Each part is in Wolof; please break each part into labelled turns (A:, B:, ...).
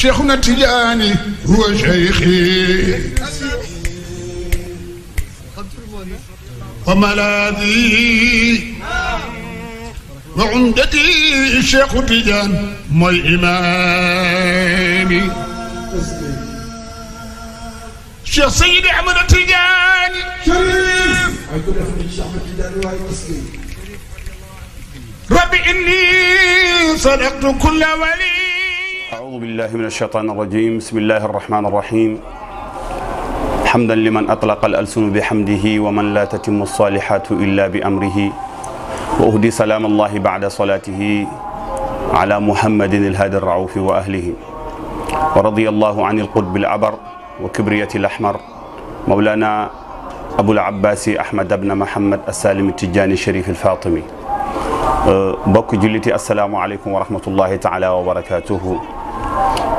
A: شيخنا تجاني هو شيخي وملاذي وعمدتي شيخ تجان موي إمامي شيخ سيد أحمد التجاني شريف ربي إني صدقت كل ولي أعوذ بالله من الشيطان الرجيم بسم الله الرحمن الرحيم حمدا لمن أطلق الألسن بحمده ومن لا تتم الصالحات إلا بأمره وأهدي سلام الله بعد صلاته على محمد الهادي الرعوف وأهله ورضي الله عن القطب العبر وكبرية الأحمر مولانا أبو العباس أحمد بن محمد السالم التجاني الشريف الفاطمي أه، بك جلتي السلام عليكم ورحمة الله تعالى وبركاته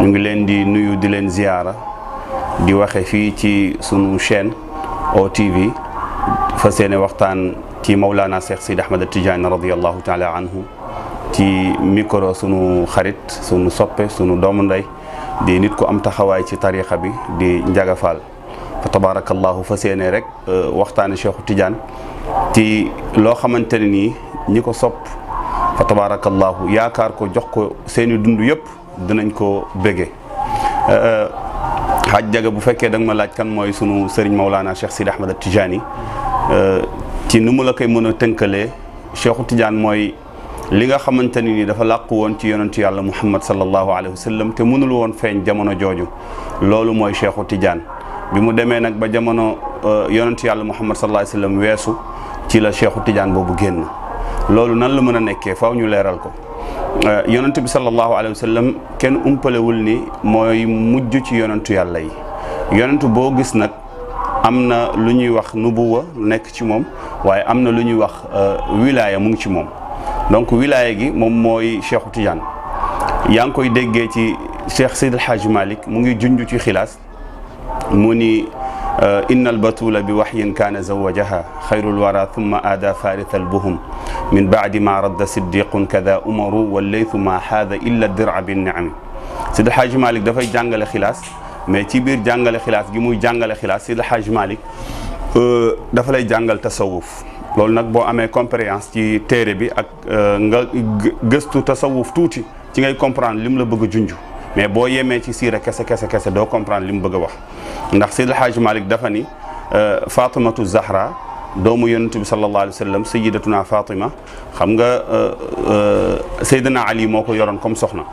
A: ñu ngi leen di nuyu di leen ziyaara di waxe fii ci sunu chaîne OTV fa seeni waxtaan ci Mawlana Cheikh Sidi Ahmad Tidiane radiyallahu taala anhu ci micro sunu xarit sunu soppe sunu doomu ndey di nit ku am taxawaay ci tarixa bi di Ndiaga Fall fa tabarakallahu fa seene rek euh, waxtaane Cheikhu Tidiane ci loo xamante ne nii ñi ko sopp fa tabarakallahu yaakaar ko jox ko seeni dund yëpp dinañ ko béggee xaaj euh, euh, jaga bu fekkee danga ma laaj kan mooy sunu sëriñ Maulana Cheikh Sidi Ahmed Tijani euh, ci nu mu la koy mën a tënkalee Cheikhu Tidiane mooy li nga xamante ni ni dafa làqu woon ci yonentu yàlla Muhammad sallallahu alayhi wa sallam te mënul woon feeñ jamono jooju loolu mooy Cheikhu Tidiane bi mu demee nag ba jamono yonentu yàlla Muhammad sallallahu alayhi wa weesu ci la Cheikhu Tidiane boobu génn loolu nan la mën a nekkee faaw ñu leeral ko Eh, yonent bi sallallahu alayhi wa kenn umpalewul ni mooy mujj ci yonentu yàlla yi yonentu boo gis nag am na lu ñuy wax nubuwa nekk ci moom waaye am na lu ñuy wax eh, wilaya mu ngi ci moom donc wilaya gi moom mooy Cheikhu Tidiane yaa ngi koy déggee ci Cheikh Seydil Hadj Malick mu ngi junj ci xilaas mu ni آه، إن البتول بوحي كان زوجها خير الورى ثم آدى فارث البهم من بعد ما رد صديق كذا أمر والليث ما هذا إلا الدرع بالنعم سيد الحاج مالك دفع جانجل خلاص ما تبير جانجل خلاص جمو جانجل خلاص سيد الحاج مالك آه، دفع لي جانجل تصوف لول نك بو امي كومبريانس تي تيري بي اك غستو تصوف توتي تي غاي كومبران لم لا جنجو mais bo yeme ci siira kese kese kese do comprendre li mu bëgg wax ndax Seydil hajj malik dafa ni Fatimatu Zahra doomu yonent bi sallallahu alayhi wasallam sayyidatuna Fatima xam nga sayyidina Ali moko yoron comme soxna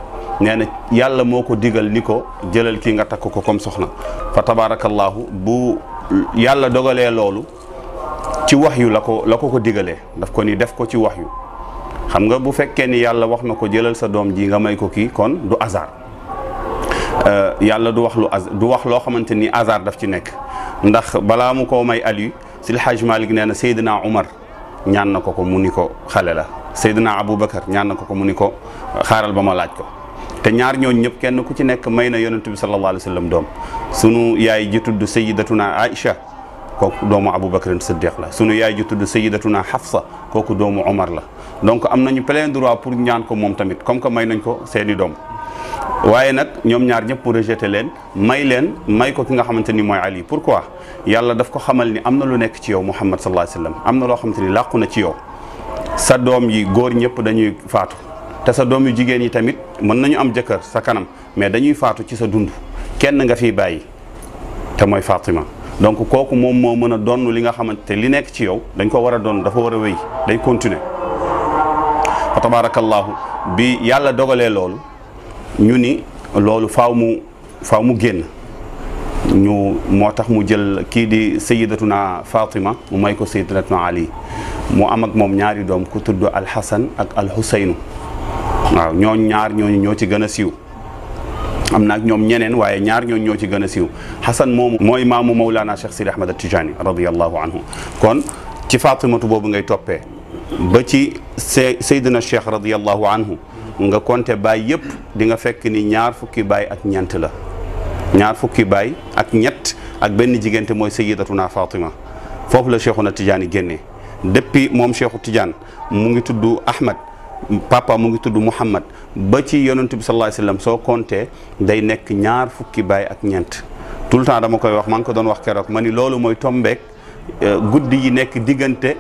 A: neena yàlla moko digal niko ko jëlal kii nga takko ko comme soxna fa tabarakallahu bu yàlla dogalé lolou ci wahyu lako lako ko digalé daf ko ni def ko ci wahyu xam nga bu fekke ni yàlla wax na jëlal sa dom ji nga may ko ki kon du hasard Euh, yàlla du wax lu as du wax loo xamante ni hasard daf ci nekk ndax balaa mu ko may Aliou si El Hadj nee na Seydina Omar ñaan na ko ko mu ni ko xale la Seydina Aboubacar ñaan na ko ko mu ni ko xaaral ba ma laaj ko te ñaar ñooñu ñëpp kenn ku ci nekk may na yonent bi sallallahu alayhi wa sallam doom sunu yaay ji tudd Sayyidatuna Aïcha kooku doomu Aboubacar Siddiq la sunu yaay ji tudd Sayyidatuna Hafsa kooku doomu Omar la donc am nañu plein droit pour ñaan ko moom tamit comme que may nañ ko seeni doom. waye nak ñom ñaar ñëpp mu rejeté may len may ko ki nga xamanteni moy Ali pourquoi yàlla daf ko xamal ni amna lu nekk ci yow Muhammad sallallahu alayhi wasallam amna lo xamanteni loo na ci yow sa dom yi góor ñëpp dañuy faatu te sa dom yu jigen yi tamit mën nañu am jëkkër sa kanam mais dañuy faatu ci sa dund kenn nga fi bàyyi te moy Fatima donc koku mom mo meuna a donn li nga xamanteni li nekk ci yow dañ ko wara don dafa wara wéy day continuer tabarakallah bi yàlla dogale lol ñu ni loolu faaw mu faaw mu génn ñu moo tax mu jël kii di sayidatuna Fatima mu may ko sayidatuna Ali mu am ak moom ñaari doom ku tudd alxasan ak alxuseynu waaw ñoo ñaar ñoo ñoo ci gën a siiw am na ñoom ñeneen waaye ñaar ñoo ñoo ci gën a siiw xasan moomu mooy maamu Mawlana Cheikh Sidi Ahmad Tijani radiyallahu anhu kon ci Fatimatu boobu ngay toppee ba ci Seydina Cheikh radiyallahu anhu nga compter baay yëpp di nga fekk ni ñaar fukki baay ak ñeent la ñaar fukki baay ak ñett ak benn jigéen te mooy sayyidatuna Fatima foofu la Cheikhuna Tidiane génnee depuis moom Cheikhu Tidiane mu ngi tudd Ahmad papa mu ngi tudd Muhammad ba ci yonent bi sallallahu alayhi soo compter day nekk ñaar fukki baay ak ñeent tout le temps dama koy wax maa ngi ko doon wax keroog ma ni loolu mooy tombeek euh, guddi yi nekk diggante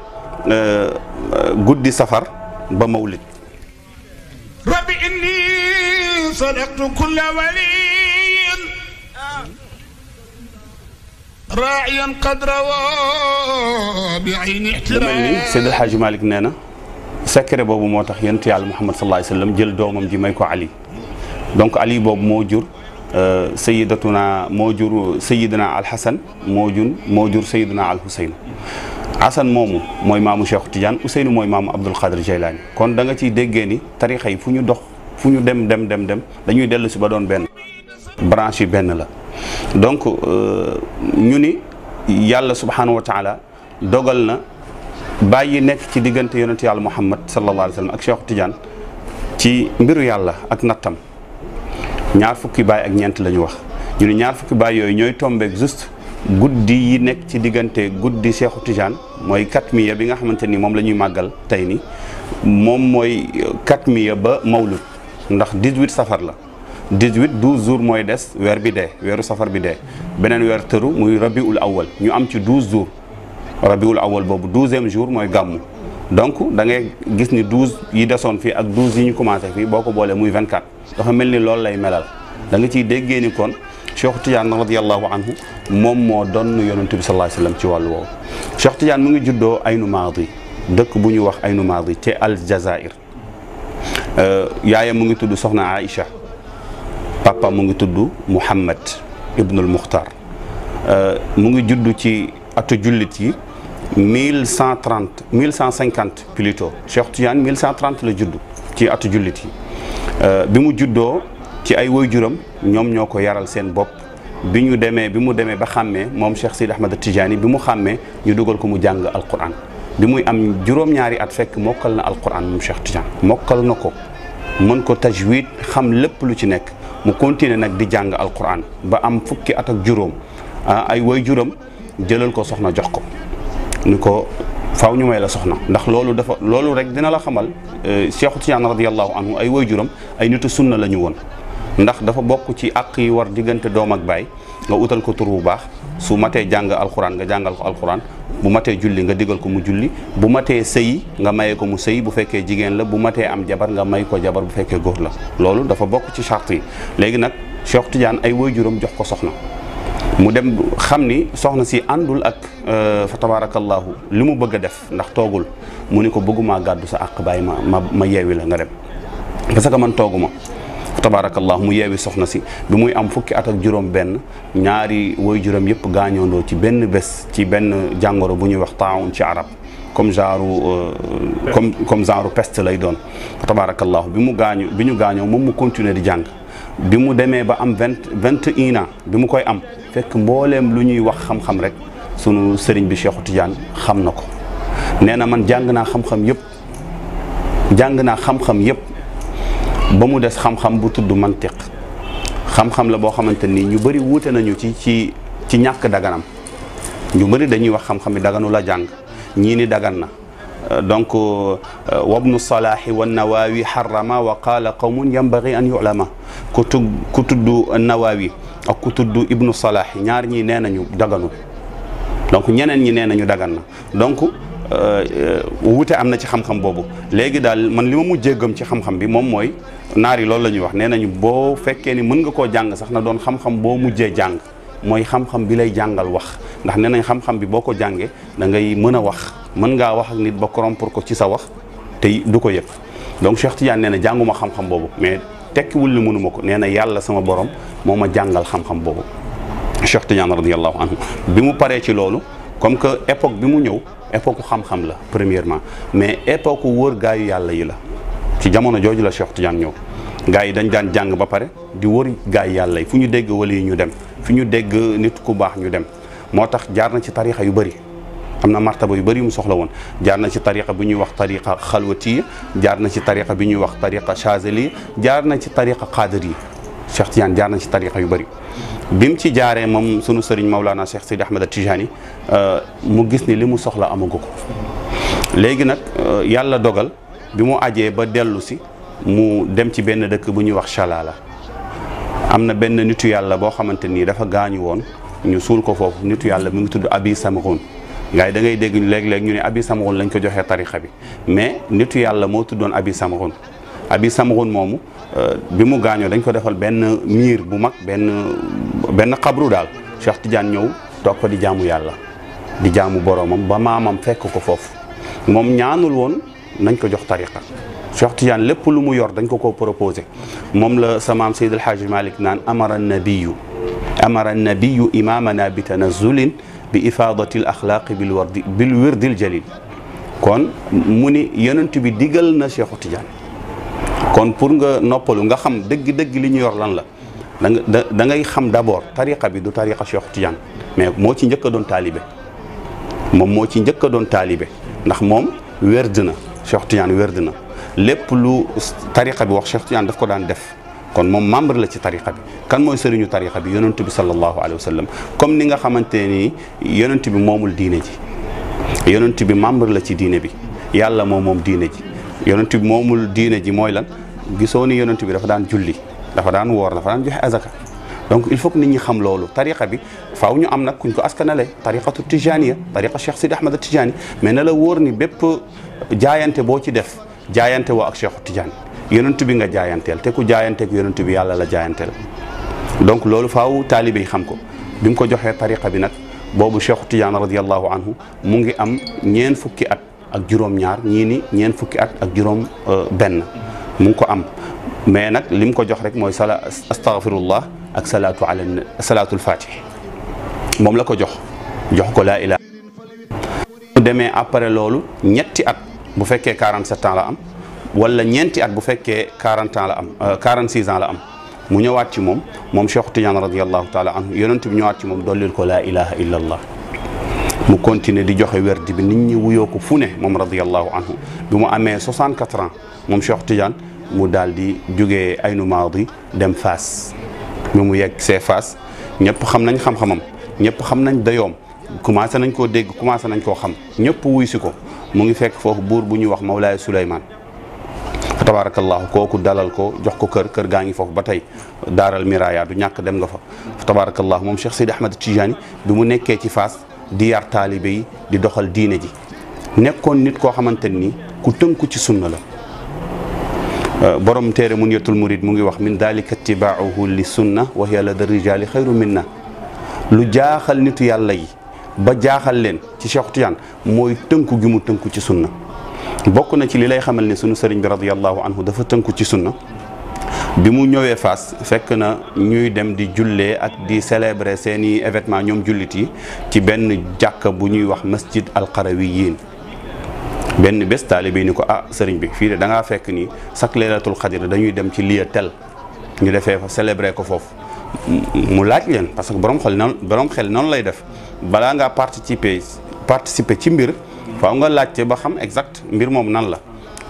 A: euh, euh, guddi safar ba mawlid صدقت كل ولي راعيا قد روى بعين احترام سيد الحاج مالك نانا سكر بابو موتاخ ينتي على محمد صلى الله عليه وسلم جل دومم جي علي دونك علي بوب موجور آه، سيدتنا موجور سيدنا الحسن موجون موجور سيدنا الحسين حسن مومو مو إمام شيخ تيجان حسين موي مامو عبد القادر جيلاني كون داغا سي ديغي ني تاريخي فونو دوخ fu ñu dem dem dem dem dañuy dellu si ba doon benn branche yi benn la donc euh, ñu ni yàlla subhanahu wa taala dogal na bàyyi nekk ci diggante yonent yàlla muhammad sallallahu alayhi wa sallam ak Cheikh Tidiane ci mbiru yàlla ak nattam ñaar fukki baay ak ñeent la ñu wax ñu ne ñaar fukki baay yooyu ñooy tombeek juste guddi yi nekk ci diggante guddi Cheikhu Tijaan mooy katmiya bi nga xamante ni moom la ñuy màggal tey ni moom mooy katmiya ba mawlud ndax 18 safar la 18 12 jours moy dess wer bi dé weru safar bi dé benen wer tëru muy rabiul awal ñu am ci 12 jours rabiul awal bobu 12e jour moy gam donc da ngay gis ni 12 yi desoon fi ak 12 yi ñu commencé fi boko bolé muy 24 dafa melni lool lay melal da nga ci déggé ni kon Cheikh Tidiane radiyallahu anhu moom moo donn yonentou bi sallallahu alayhi wasallam ci walu wo Cheikh Tidiane mu ngi juddo Aynu Maadi dëkk bu ñu wax Aynu Maadi te Aljazair Euh, yaayam mu ngi tudd soxna Aïcha papa mu ngi tudd Muhammad ibnul Muxtar euh, mu ngi judd ci atu jullit yi mille cent trente mille cent cinquante plutôt Cheikh Tidiane mille cent trente la judd ci atu jullit yi euh, bi mu juddoo ci ay waajuram ñoom ñoo ko yaral seen bopp bi ñu demee bi mu demee ba xàmmee moom Cheikh Sidi Ahmed Tidiane bi mu xàmmee ñu dugal ko mu jàng alquran di muy am juróom-ñaari at fekk mokkal na alquran mu Cheikh Tidiane mokkal na ko mën ko tajwid xam lépp lu ci nekk mu continuer nag di jàng alquran ba am fukki at ak juróom ay woy juróom jëlal ko soxna jox ko ni ko faaw ñu may la soxna ndax loolu dafa loolu rek dina la xamal e, Cheikh Tidiane radiallahu anhu ay way juróom ay nitu sunna la ñu woon ndax dafa bokk ci àq yi war diggante doom ak baay nga utal ko tur bu baax su matee jàng alxuraan nga jàngal ko alxuraan bu matee julli nga digal ko mu julli bu matee sëyi nga mayee ko mu sëyi bu fekkee jigéen la bu matee am jabar nga may ko jabar bu fekkee góor la loolu dafa bokk ci charte yi léegi nag Cheikh Tidiane ay waajuram jox ko soxna mu dem xam ni soxna si àndul ak euh, fa tabaarakallaahu li mu bëgg a def ndax toogul mu ni ko bëggumaa gàddu sa àq bàyyi ma ma ma yeewi la nga dem parce que man toogu tabaarakallah mu yeewi soxna si bi muy am fukki at ak juróom benn ñaari woy juróom yëpp gaañoondoo ci benn bés ci benn jàngoro bu ñuy wax taawun ci arab comme genre euh, comme comme genre peste lay doon tabaarakallah bi mu gaañu bi ñu gaañoo moom mu continuer di jàng bi mu demee ba am vingt vingt un ans bi mu koy am fekk mbooleem lu ñuy wax xam-xam rek sunu sëriñ bi Cheikhu Tidiane xam na ko nee na man jàng naa xam-xam yëpp jàng naa xam-xam yëpp ba mu des xam-xam bu tudd mantiq xam-xam la boo xamante ni ñu bëri wuute nañu ci ci ci ñàkk daganam ñu bëri dañuy wax xam-xam bi a jàng ñii ni dagan na donc euh, wabnu salaahi wa nawaawi xarama wa qaala qawmun yambagi an yulama ku tu ku tudd nawaawi ak ku tudd ibnu salaahi ñaar ñii nee nañu daganul donc ñeneen ñi nee nañu dagan donc Euh, euh, wute am na ci xam-xam boobu léegi daal man li ma mujjee gëm ci xam-xam bi moom mooy naar yi loolu la ñuy wax nee nañu boo fekkee ni mën nga koo jàng sax na doon xam-xam boo mujjee jàng mooy xam bi lay jàngal wax ndax nee nañ xam bi boo ko jàngee da ngay mën a wax mën ngaa wax nit ba corrompre ko ci sa wax te du ko yëg donc Cheikh Tidiane nee na jànguma xam-xam boobu mais tekkiwul lu mënuma ko nee na yàlla sama borom moo ma jàngal xam-xam boobu Cheikh Tidiane radiyallahu anhu bi mu paree ci loolu comme que époque bi mu ñëw époque xam-xam la premièrement mais époque wër gaayu yàlla yi la ci jamono jooju la Cheikh Tidiane ñëw gaa yi dañ daan jàng ba pare di wër gaayu yàlla yi fu ñu dégg wali yi ñu dem fi ñu dégg nit ku baax ñu dem moo tax jaar na ci tarixa yu bëri am na martaba yu bëri yu mu soxla woon jaar na ci tariqa bi ñuy wax tariqa xalwati jaar na ci tariqa bi ñuy wax tariqa chazeli jaar na ci tariqa qadar yi Cheikh Tidiane jaar nañ ci tariqa yu bari bi mu ci jaaree moom sunu sëriñ Maulana Cheikh Sidi Ahmed Tijani euh, mu gis ni li mu soxla amagu ko léegi nag euh, yàlla dogal bi mu ajee ba dellu si mu dem ci benn dëkk bu ñuy wax Chalala am na benn nitu yàlla boo xamante nii dafa gaañu woon ñu suul ko foofu nitu yàlla mu ngi tudd Abi Samroun gars yi da ngay dégg léeg-léeg ñu ne Abi Samroun lañ ko joxee tarixa bi mais nitu yàlla moo tuddoon Abi Samroun Abi Samroun moomu Euh, bi mu gaañoo dañ ko defal benn miir bu mag benn benn xabru daal Cheikh Tidiane ñëw toog ko di jaamu yàlla di jaamu boroomam ba maamam fekk ko foofu moom ñaanul woon nañ ko jox tariqa Cheikh Tidiane lépp lu mu yor dañ ko ko proposé moom la sa maam Seydil Hadji naan amara nabiyu amara nabiyu bi tanazulin bi ifadati l axlaaqi bil wardi bil wirdil mu ni yonent bi digal na Cheikh Tidiane kon pour nga noppalu nga xam dëgg-dëgg li ñu yor lan la da nga da ngay xam d'abord tariqa bi du tariqa Cheikh Tidiane mais moo ci njëkk doon taalibe moom moo ci njëkk a doon taalibe ndax moom werd na Cheikh Tidiane werd na lépp lu tariqa bi wax Cheikh Tidiane daf ko daan def kon moom membre la ci tariqa bi kan mooy sëriñu tariqa bi yonent bi sallallahu alayhi wa sallam comme ni nga xamante ni yonent bi moomul diine ji yonent bi membre la ci diine bi yàlla moo moom diine ji yonent bi moomul diine ji mooy lan gisoo ni yonent bi dafa daan julli dafa daan woor dafa daan joxe azaka donc il faut que nit ñi xam loolu tariqa bi faaw ñu am nag kuñ ko askanale tariqatu tijaniya tariqa Cheikh Sidi Ahmad Tijani mais na la wóor ni bépp jaayante boo ci def jaayante woo ak Cheikh Tijani yonent bi nga jaayanteel te ku jaayanteeg yonent bi yàlla la jaayanteel donc loolu faaw taalibe yi xam ko bi ko joxee tariqa bi nag boobu Cheikh Tijani radiallahu anhu mu ngi am ñeen fukki at ak juróom-ñaar ñii ni ñeent fukki at ak juróom euh, benn mu ko am mais nag li mu ko jox rek mooy sala astaghfirullah ak salaatu ala salaatul fatih moom la ko jox jox ko laa ilaa mu demee après loolu ñetti at bu fekkee 47 ans la am wala ñeenti at bu fekke 40 ans la am 46 euh, ans la am mu ñëwaat ci moom moom Cheikh Tidiane radiyallahu taala anhu yonent bi ñëwaat ci moom dollil ko laa ilaha illallah mu continuer di joxe werd bi nit ñi wuyoo ko fu ne moom radiallahu anhu bi mu amee 64 ans moom Cheikh Tidiane mu daal di jógee Aynu Maadi dem Faas bi mu yegg see Faas ñëpp xam nañ xam-xamam ñëpp xam nañ dayoom commencé nañ koo dégg commencé nañ koo xam ñëpp wuy si ko mu ngi fekk foofu buur bu ñuy wax Mawlaay Souleymane fa tabarakallahu kooku dalal ko jox ko kër kër gaa ngi foofu ba tey daaral miraaya du ñàkk dem nga fa fa tabarakallahu moom Cheikh Sidi Ahmed Tidiane bi mu di yar di doxal diine ji nekkoon nit koo xamante ni ku tënku ci sunna la euh, borom téere mun yetul murid mu ngi wax min dalika tibaahu li sunna wa hiya lada rijaali xayru minna lu jaaxal nitu yàlla yi ba jaaxal leen ci Cheikh mooy tënku gi mu tënku ci sunna bokk na ci li lay xamal ni sunu sëriñ bi radiyallahu anhu dafa tënku ci sunna bi mu ñëwee Fass fekk na ñuy dem di jullee ak di célébrer seeni évétement ñoom jullit yi ci benn jàkka bu ñuy wax masjid alqarawiyin benn bés taalibe ni ko ah sëriñ bi fii de da ngaa fekk ni chaque laylatul xadir dañuy dem ci lieu tel ñu defee fa célébrer ko foofu mu laaj leen parce que borom xel noonu borom xel noonu lay def balaa ngaa participer participer ci mbir faaw nga laajte ba xam exact mbir moom nan la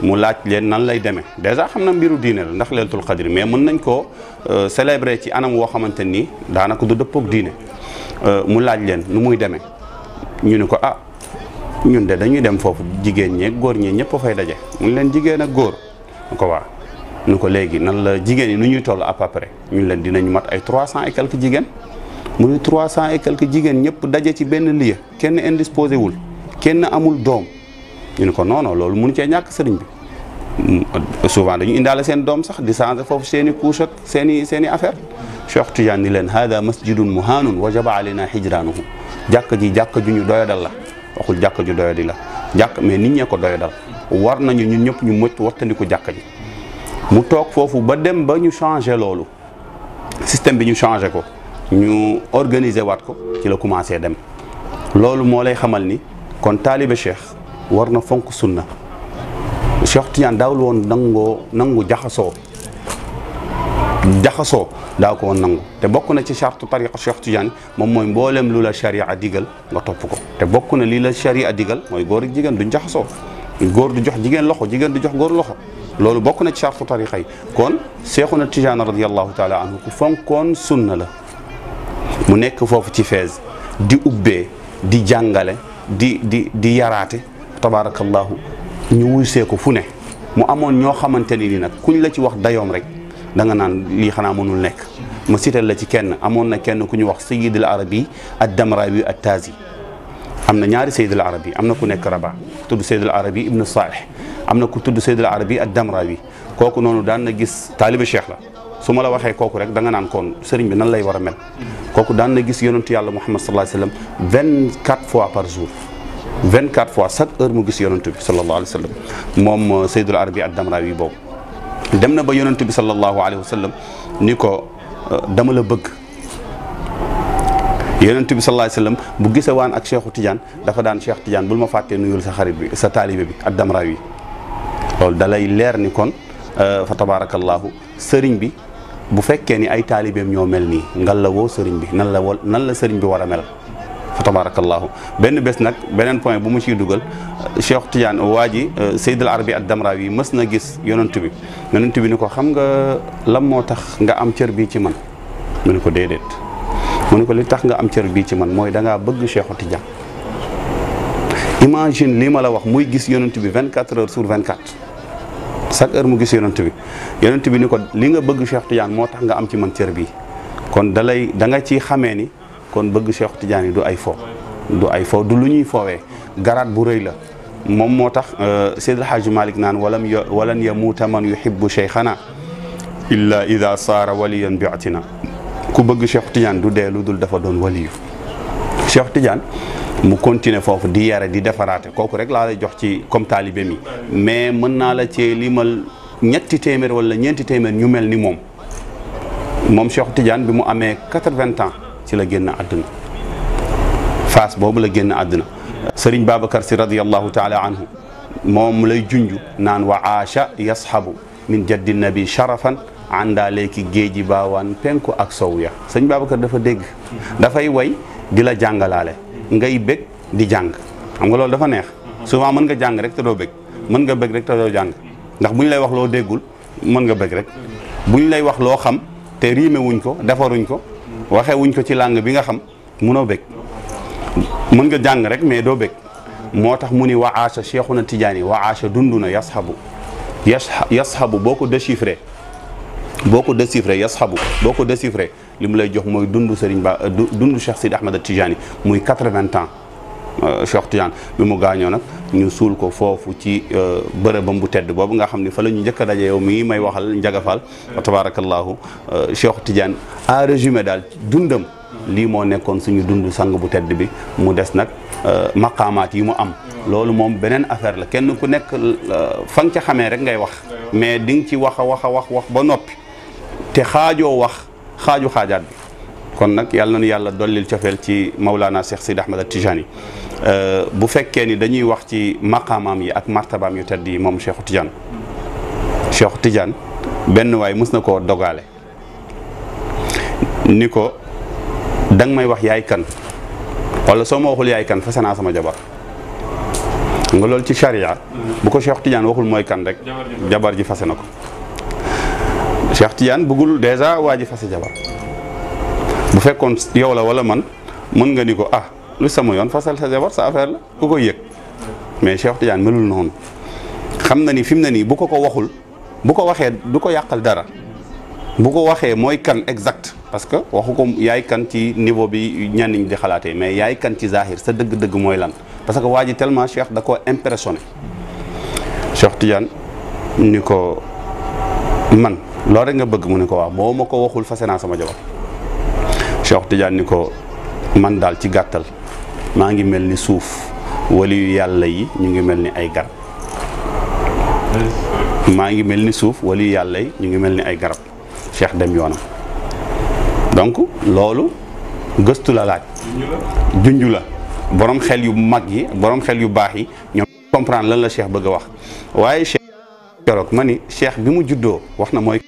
A: mu laaj leen nan lay demee dèjà xam na mbiru diine la ndax leentul xadri mais mën nañ koo euh, célébrer ci anam woo xamante nii daanaka du dëppoog diine euh, mu laaj leen nu muy demee ñu ni ko ah ñun de dañuy dem foofu jigéen ñee góor ñee ñëpp fay daje mun leen jigéen ak góor ko waa nu ko léegi nan la jigéen yi nu ñuy toll à peu près ñu leen dinañu mat ay trois cent et jigéen mu ni trois cent et quelques jigéen ñëpp daje ci benn lieu kenn indisposé wul kenn amul doom ñu ne ko non non loolu mënu ci ñak sëriñ bi souvent dañu indaale sen dom sax di changer fofu seni i couche ak seen i affaire Cheikh Tidiane ni len hada masjidun muhanun wajaba alina hijranuhu jàkk ji jàkk ju ñu dal la waxul jàkk ju doyo di la jàkk mais nit ñe ko doyo dal war nañu ñun ñëpp ñu mëcc wattandiku jàkk ji mu tok fofu ba dem ba ñu changer loolu système bi ñu changer ko ñu organiser wat ko ci la commencer dem loolu mo lay xamal ni kon talibé cheikh war na fonk sunna Cheikh Tidiane daawul woon nangoo nangu jaxasoo jaxasoo daa ko woon nangu te bokk na ci charte tariqa Cheikh Tidiane moom mooy mbooleem lu la a digal nga topp ko te bokk na lii la a digal mooy góor ak jigéen duñ jaxasoo góor du jox jigéen loxo jigéen du jox góor loxo loolu bokk na ci charte tariqa yi kon na Tidiane radiallahu taala anhu ku fonkoon sunna la mu nekk foofu ci Fès di ubbee di jàngale di di di yaraate tabaarakallaahu ñu wuysee ko fu ne mu amoon ñoo xamante ni ni nag kuñ la ci wax dayoom rek da nga naan lii xanaa mënul nekk ma sital la ci kenn amoon na kenn ku ñu wax sayidul arabi ad damrawi at taasi am na ñaari sayidul arabi am na ku nekk raba tudd sayidul arabi ibnu saalih am na ku tudd sayidul arabi ad damrawi kooku noonu daan na gis taaliba cheikh la su ma la waxee kooku rek da nga naan koon sëriñ bi nan lay war a mel kooku daan na gis yonentu yàlla muhammad sallallahu alayhi wa sallam vingt quatre fois par jour 24 fois chaque heure mu gis yonent bi sallallahu alayhi wa sallam moom euh, Seydul Arabi ad-Damrawi boobu dem na ba yonent bi sallallahu alayhi wa sallam ni ko euh, dama la bëgg yonent bi sallallahu alayhi wa bu gisee waan ak Cheikhu Tidiane dafa daan Cheikh Tidiane bul ma fàttee nuyul sa xarit bi sa taalibe bi ad yi loolu dalay leer ni kon euh, fa tabarakallahu sëriñ bi bu fekkee ni ay taalibeem ñoo mel nii ngal la woo sëriñ bi nan la woo nan la sëriñ bi war a mel tabarakallah ben bes nak benen point bu mu ci dugal cheikh tidiane waji euh, sayyid al arabi ad damrawi mës gis yonentibi yonentibi niko hamga xam nga lam motax nga am cieur bi ci man muniko dedet ko ko li tax nga am cieur bi ci man moy da nga bëgg cheikh tidiane imagine li la wax muy gis yonentibi 24 heures sur 24 chaque heure mu gis yonentibi yonentibi niko li nga bëgg cheikh tidiane motax nga am ci man cieur bi kon dalay da nga ci xamé ni kon bëgg Cheikh Tidiane du ay fo du ay fo du luñuy fowé garat bu reuy la mom motax tax Seydil Hadji Malick naan walam walan yamuta man yuhibbu shaykhana illa idha sara waliyan biatina ku bëgg Cheikh Tidiane du délu dul dafa don wali Cheikh Tidiane mu continuer fofu di yare di défaraté koku rek la lay jox ci comme talibé mi mais mën na la ci limal ñetti témèr wala ñenti témèr ñu melni mom mom Cheikh Tidiane bi mu amé 80 ans ci la génn àdduna faas boobu la génn àddina sëriñ babacar si radiallahu taala anhu moom lay junj naan wa aasha yashabu min jaddi nabi sharafan àndaa léegi géeji baawaan penku ak sow ya sëñ baabakar dafa dégg dafay way di la jàngalaale ngay bég di jàng xam nga loolu dafa neex souvent mën nga jàng rek te doo bég mën nga bég rek te doo jàng ndax bu ñu lay wax loo déggul mën nga bég rek bu ñu lay wax loo xam te riime wuñ ko defaruñ ko waxee wuñ ko ci làng bi nga xam munoo bëgg mën nga jàng rek mais doo bëgg moo tax mu ni waasa cheikhuna tijaani waasa dundu na yasxabu yasxabu boo ko déchiffré boo ko déchiffré yasxabu boo ko déchiffré li mu lay jox mooy dundu Serigne Ba dundu dund Cheikh Sidi Ahmed Tidiane muy 80 ans euh, Cheikh Tidiane bi mu gaañoo nag ñu suul ko foofu ci euh, bërëbam bu tedd boobu nga xam ne fa la ñu njëkk dajee yow mii may waxal njagafal wa tabarakallahu euh, Cheikh Tidiane en résumé daal dundam lii moo nekkoon suñu dund sang bu tedd bi mu des nag euh, maqaamaat yi mu am loolu moom beneen affaire la kenn ku nekk euh, fa nga ca xamee rek ngay wax mais di nga ci wax a wax a wax wax ba noppi te xaajoo wax xaaju xaajaat bi kon nag yàlla na nu yàlla dollil cofeel ci Maulana Cheikh Sidi Ahmed Tijani euh, bu fekkee ni dañuy wax ci maqaamaam yi ak martabaam yu tedd yi moom Cheikh Tidiane Cheikh Tidiane benn waay mës na koo dogale ni ko danga may wax yaay kan wala soo ma waxul yaay kan fase naa sama jabar nga loolu ci charia bu ko Cheikh Tidiane waxul mooy kan rek jabar ji fase na ko Cheikh Tidiane bëggul dèjà waa ji fase jabar bu fekkoon yow la wala man mën nga ni ko ah lu sama yoon fasal sa jabar sa affaire la ko koy yëg mais Cheikh Tidiane melul noonu xam na ni fi mu ne nii bu ko ko waxul bu ko waxee du ko yàqal dara bu ko waxee mooy kan exact parce que waxu ko yaay kan ci niveau bi ñenn ñi di xalaatee mais yaay kan ci zahir sa dëgg-dëgg mooy lan parce que waa ji tellement Cheikh da ko impressionné Cheikh Tidiane ni ko man loolu rek nga bëgg mu ne ko wax boo ma ko waxul fase naa sama jabar Cheikh Tidiane ni ko man daal ci gàttal maa ngi mel ni suuf wali yu yàlla yi ñu ngi mel ni ay garab maa ngi mel ni suuf wali yàlla ñu ngi mel ni ay garab Cheikh dem yoonam donc loolu gëstu la laaj. junju la boroom xel yu mag yi boroom xel yu baax yi ñoom comprendre lan la cheikh bëgg a wax waaye cheikh keroog ma ni cheikh bi mu juddoo wax na mooy.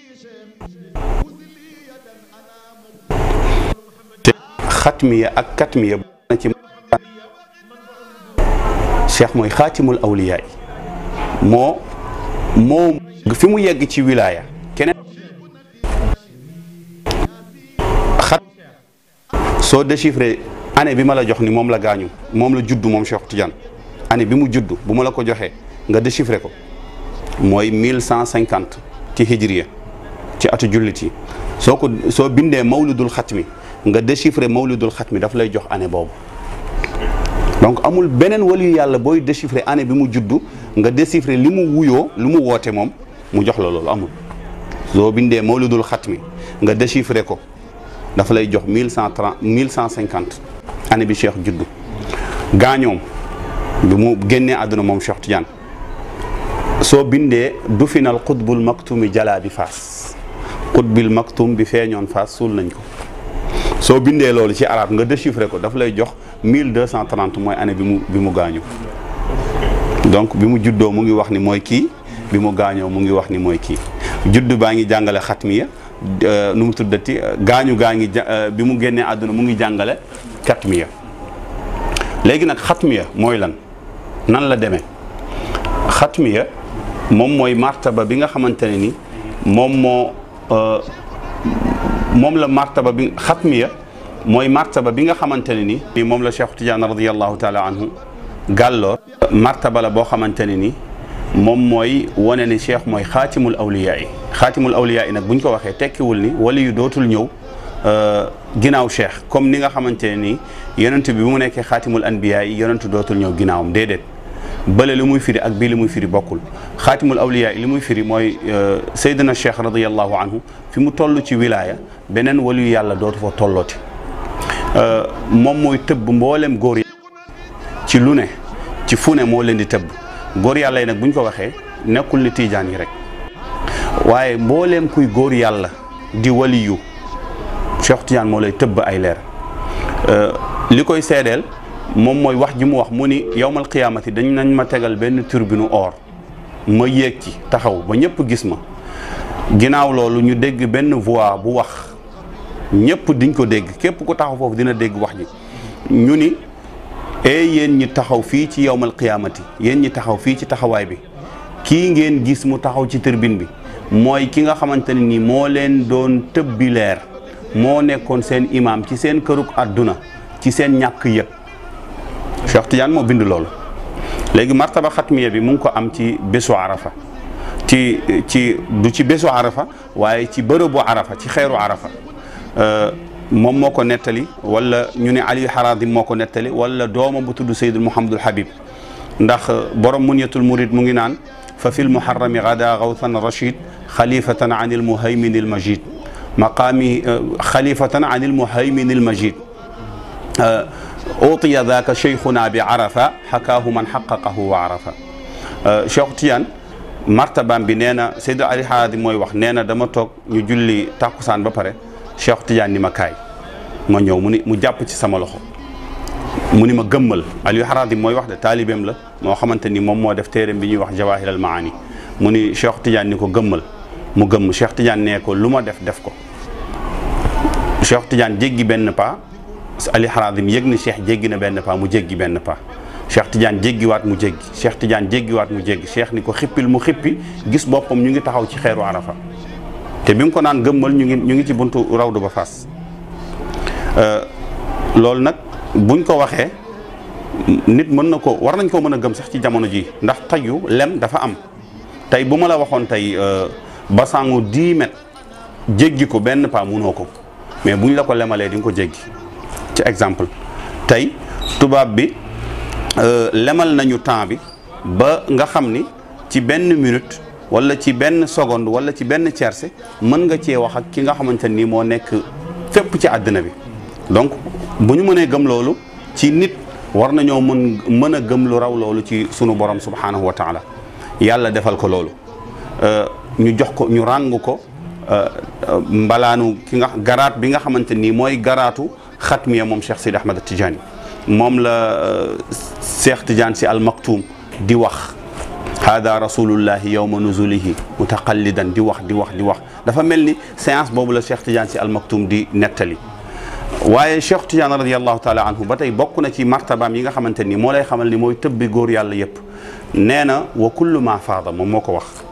A: xatmiya ak katmiya na ci cheikh mooy xaatimul awliyaa moo moo fi mu yegg ci wilaaya soo déchiffré année bi ma la jox ni moom la gaañu moom la juddu moom Cheikh Tidiane année bi mu juddu bu ma la ko joxee nga déchiffré ko mooy mille cent cinquante ci hijriya ci atu jullit yi soo ko soo bindee mawlidul xatmi nga déchiffré mawlidul mi daf lay jox année boobu donc amul beneen waliyu yàlla booy déchiffré année bi mu juddu nga déchiffré li mu wuyoo lu mu woote moom mu jox la loolu amul soo bindee mawlidul mi nga déchiffré ko dafa lay jox mille cent trente mille cent cinquante année bi Cheikh juddu gaañoom bi mu génnee àdduna moom Cheikh Tidiane soo bindee du final xutbul maktumi jalaa bi faas xutbil maktum bi feeñoon faas suul nañ ko soo bindee loolu ci arab nga déchiffré ko dafa lay jox mille deux cent trente mooy année bi mu bi mu gaañu donc bi mu juddoo mu ngi wax ni mooy kii bi mu gaañoo mu ngi wax ni mooy kii juddu baa ngi jàngale xatmiya Euh, nu mu tuddati euh, gaañu gaa ngi euh, bi mu génnee àdduna mu ngi jàngale xatmiya léegi nag xatmiya mooy lan nan la demee xatmiya moom mooy martaba bi nga xamante ne ni moom moo moom la martaba bi xatmiya mooy martaba bi nga xamante ne ni moom la Cheikh Tidiane radiyallahu taala anhu gàlloor martaba la boo xamante ne ni moom mooy wane ni cheikh mooy xaatimul awliyaa yi xaatimul awliyaa yi nag bu ñu ko waxee tekkiwul ni wali yu dootul ñëw euh, ginnaaw cheikh comme ni nga xamante ni yonent bi mu nekkee xaatimul anbiyaa yi yonent dootul ñëw ginnaawam déedéet bële li muy firi ak bii li muy firi bokkul xaatimul awliyaa li muy firi mooy euh, saydina cheikh radiallahu anhu fi mu toll ci wilaaya beneen waliyu yàlla dootu fa tollooti euh, moom mooy tëbb mboolem góor yi ci lu ne ci fu moo leen di tëb góor yàlla yi nag bu ñu ko waxee nekkul ni tiijaan yi rek waaye mbooleem kuy góor yàlla di waliyu Cheikh Tidiane moo lay tëbb ay leer euh, li koy seedeel moom mooy wax ji mu wax mu ni yowmal qiyaamati dañ nañ ma tegal benn turbinu or ma yéeg ci taxaw ba ñëpp gis ma ginnaaw loolu ñu dégg benn voix bu wax ñëpp diñ ko dégg képp ku taxaw foofu dina dégg wax ji ñu ni e yéen ñi taxaw fii ci yowmal qiyaamati yéen ñi taxaw fii ci taxawaay bi kii ngeen gis mu taxaw ci tërbin bi mooy ki nga xamante ne ni moo leen doon tëbbi leer moo nekkoon seen imaam ci seen këruk àdduna ci seen ñàkk yëg Cheikh Tidiane moo bind loolu léegi martaba xatmiya bi mu ngi ko am ci bésu arafa ci ci du ci bésu arafa waaye ci bërëbu arafa ci xeeru arafa euh, mom moko netali wala ñu ne Aliou Harazim moo ko wala doomu bu tuddu sayyid Seydul al Habib ndax borom munyatul murid mu ngi nan fa fil muharram gada gawthan rashid khalifatan an il muhaymin al majid maqami khalifatan an il muhaymin al majid أوطي ذاك شيخنا بعرفة حكاه من حققه وعرفة Cheikh Tidiane martabaam bi nee na Seydou Ali Harazim mooy wax nee na dama toog ñu julli tàkkusaan ba pare Cheikh Tidiane ni ma kaay ma ñëw mu ni mu jàpp ci sama loxo mu ni ma gëmmal Aliou Haradi mooy wax de taalibeem la moo xamante ni moom moo def téereem bi ñuy wax Jawahir al Maani mu ni Cheikh Tidiane ni ko gëmmal mu gëmm Cheikh Tidiane nee ko lu ma def def ko Cheikh Tidiane jéggi benn pas Aliou Haradi yëg Cheikh jéggi na benn pas mu jéggi benn pas Cheikh Tidiane jéggiwaat mu jéggi Cheikh Tidiane jéggiwaat mu jéggi Cheikh ni ko xippil mu xippi gis boppam ñu ngi taxaw ci xeeru Arafa bi mu ko naan gëmmal ñu ngi ñu ngi ci buntu rawdu ba fas euh, loolu nag buñ ko waxee nit mën na ko war nañ koo mën a gëm sax ci jamono ji ndax tayyu lem dafa am tey bu ma la waxoon tey euh, basangu 10 mètres jéggi ko benn pas ko mais buñ la ko lemalee di nga ko jéggi ci exemple tey tubaab bi euh, lemal nañu temps bi ba nga xam ni ci benn minute wala ci benn seconde wala ci benn tiercé mën nga cee wax ak ki nga xamante ni moo nekk fépp ci àddina bi donc bu ñu mënee gëm loolu ci nit war nañoo mën mën a gëm lu raw loolu ci sunu borom subhanahu wa taala yàlla defal ko loolu euh, ñu jox ko ñu ràng ko euh, mbalaanu ki nga garaat bi nga xamante ni mooy garaatu xatmiya moom Cheikh Sidi Ahmed Tidiane moom la euh, Cheikh Tidiane si al maktuum di wax hada rasulullahi yawma nuzulihi mutaqallidan di wax di wax di wax dafa mel ni séance boobu la Cheikh Tidiane si almaktum di nettali waaye Cheikh Tidiane radiallahu taala anhu ba tey bokk na ci martabaam yi nga xamante ni moo lay xamal ni mooy tëbbi góor yàlla yépp nee na wa kullu ma faada moom moo ko wax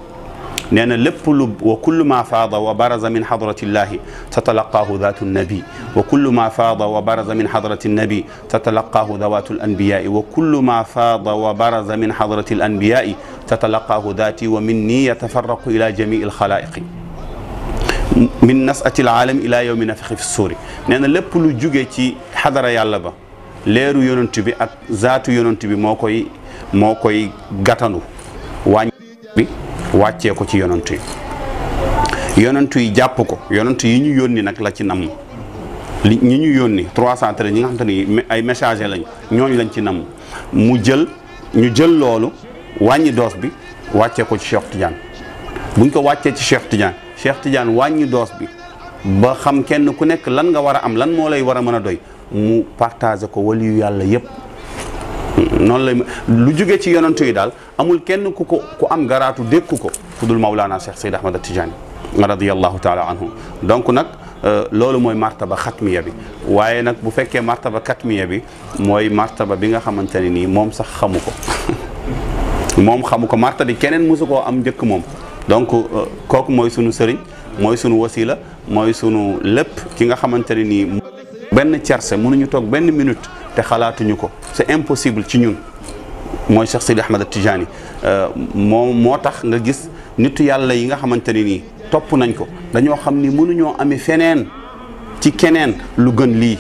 A: nee na lépp lu wa kullu ma faada wa baraza min xadrati llahi tatalaqaahu daatu nnabi wa kullu ma faada wa baraza min xadrati nnabi tatalaqaahu dawaatu al anbiyai wa kullu ma faada wa baraza min xadrati al anbiyai tatalaqaahu daati wa minni yatafarraqu ila jamii il xalaayiqi min nasati l aalam ila yowmi nafixi fi suuri nee na lépp lu jóge ci xadara yàlla ba leeru yonent bi ak zaatu yonent bi moo koy moo koy gàttanu wàññi bi ko ci yonent yi yonent yi jàpp ko yonent yi ñu yónni nag la ci namm li ñi ñu yónni 313 ñi nga xam te ni ay messager lañ ñooñ lañ ci namm mu jël ñu jël loolu wàññi doos bi wàccee ko ci Cheikh Tidiane buñ ko wàccee ci Cheikh Tidiane Cheikh Tidiane wàññi doos bi ba xam kenn ku nekk lan nga war a am lan moo lay war a mën a doy mu partagé ko waliyu yàlla yépp noonu lay lu jóge ci yonantu yi daal amul kenn ku ko ku am garaatu dékku ko ku dul Mawlaana Cheikh Seyd Ahmad Tidiane radiyallahu taala anhu donc nag euh, loolu mooy martaba xatmiya bi waaye nag bu fekkee martaba katmiya bi mooy martaba bi nga xamante ne nii moom sax xamu ko moom xamu ko martadi keneen mosu koo am njëkk moom donc euh, kooku mooy sunu sëriñ mooy sunu wasila mooy sunu lépp ki nga xamante ne nii benn cerse mënuñu toog benn minute te xalaatuñu ko c'est impossible ci ñun mooy Cheikh Sidi Ahmed Tijani euh, moom moo tax nga gis nitu yàlla yi nga xamante ne nii topp nañ ko dañoo xam ni mënuñoo amee feneen ci keneen lu gën lii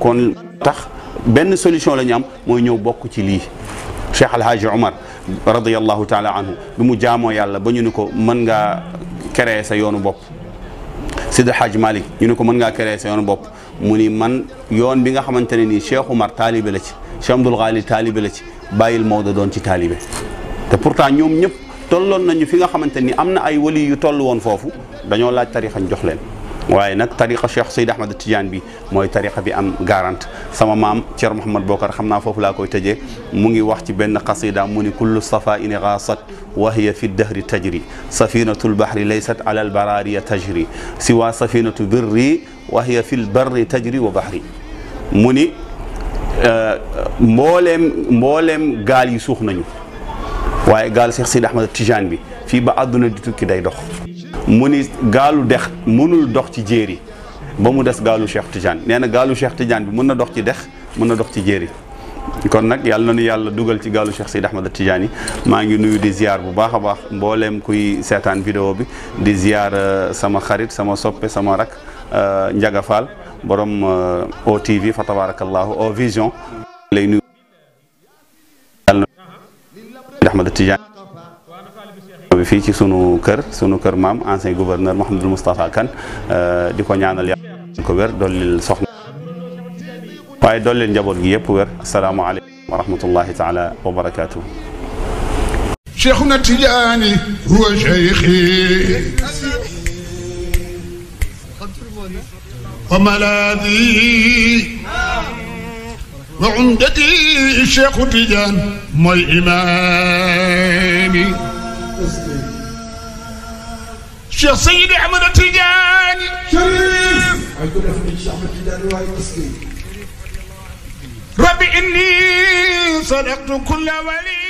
A: kon tax benn solution lañu am mooy ñëw bokk ci lii Cheikh Alhaji Omar رضي الله تعالى عنه بمجامع يالله بنيونكو منغا كره سيون بوب سيد الحاج مالك ينكو منغا كره سيون بوب موني من يون بيغا خمانتاني ني شيخ عمر تالي لا سي شمد الغالي طالب لا سي بايل مودا دون سي طالب تي pourtant ñom ñep tollon nañu fi nga xamanteni amna ay wali yu tollu won fofu dañoo laaj tariixa jox len waaye nag tariqa Cheikh Seyd Ahmad Tidiane bi mooy tariqa bi am garante sama maam Thierno Mouhamed Bokar xam naa foofu laa koy tëjee mu ngi wax ci benn qasida mu ni kullu safa ini gaasat wa hiya fi dahri tajri safinatu lbahri laysat ala albararia tajri siwa safinatu birri wa hiya fi lbarri tajri wa bahri mu ni mbooleem mbooleem gaal yi suux nañu waaye gaal Cheikh Seyd Ahmad Tidiane bi fii ba àdduna di tukki day dox mu ni gaalu dex mënul dox ci jéeri ba mu des gaalu Cheikh Tidiane nee na gaalu Cheikh Tidiane bi mën na dox ci dex mën na dox ci jéeri kon nag yàlla na nu yàlla dugal ci gaalu Cheikh Sidi Ahmad Tidiane yi maa ngi nuyu di ziar bu baax a baax mbooleem kuy seetaan vidéo bi di ziar euh, sama xarit sama soppe sama rak euh, Ndiaga Fall borom euh, OTV fa tabarakallahu O Vision lay nuyu yàlla na Ahmad Tidiane في سونو كر سونو كر مام انسي غوفرنر محمد المصطفى كان ديكو نيانال ياكو وير دولل سوخنا باي دولل نجابوت ييب وير السلام عليكم ورحمه الله تعالى وبركاته شيخنا تجاني هو شيخي وملاذي وعندتي الشيخ تجان مي امامي شخصية أحمد التجاني شريف أقول أحمد شعب التجاني وهي تسليم ربي إني صدقت كل ولي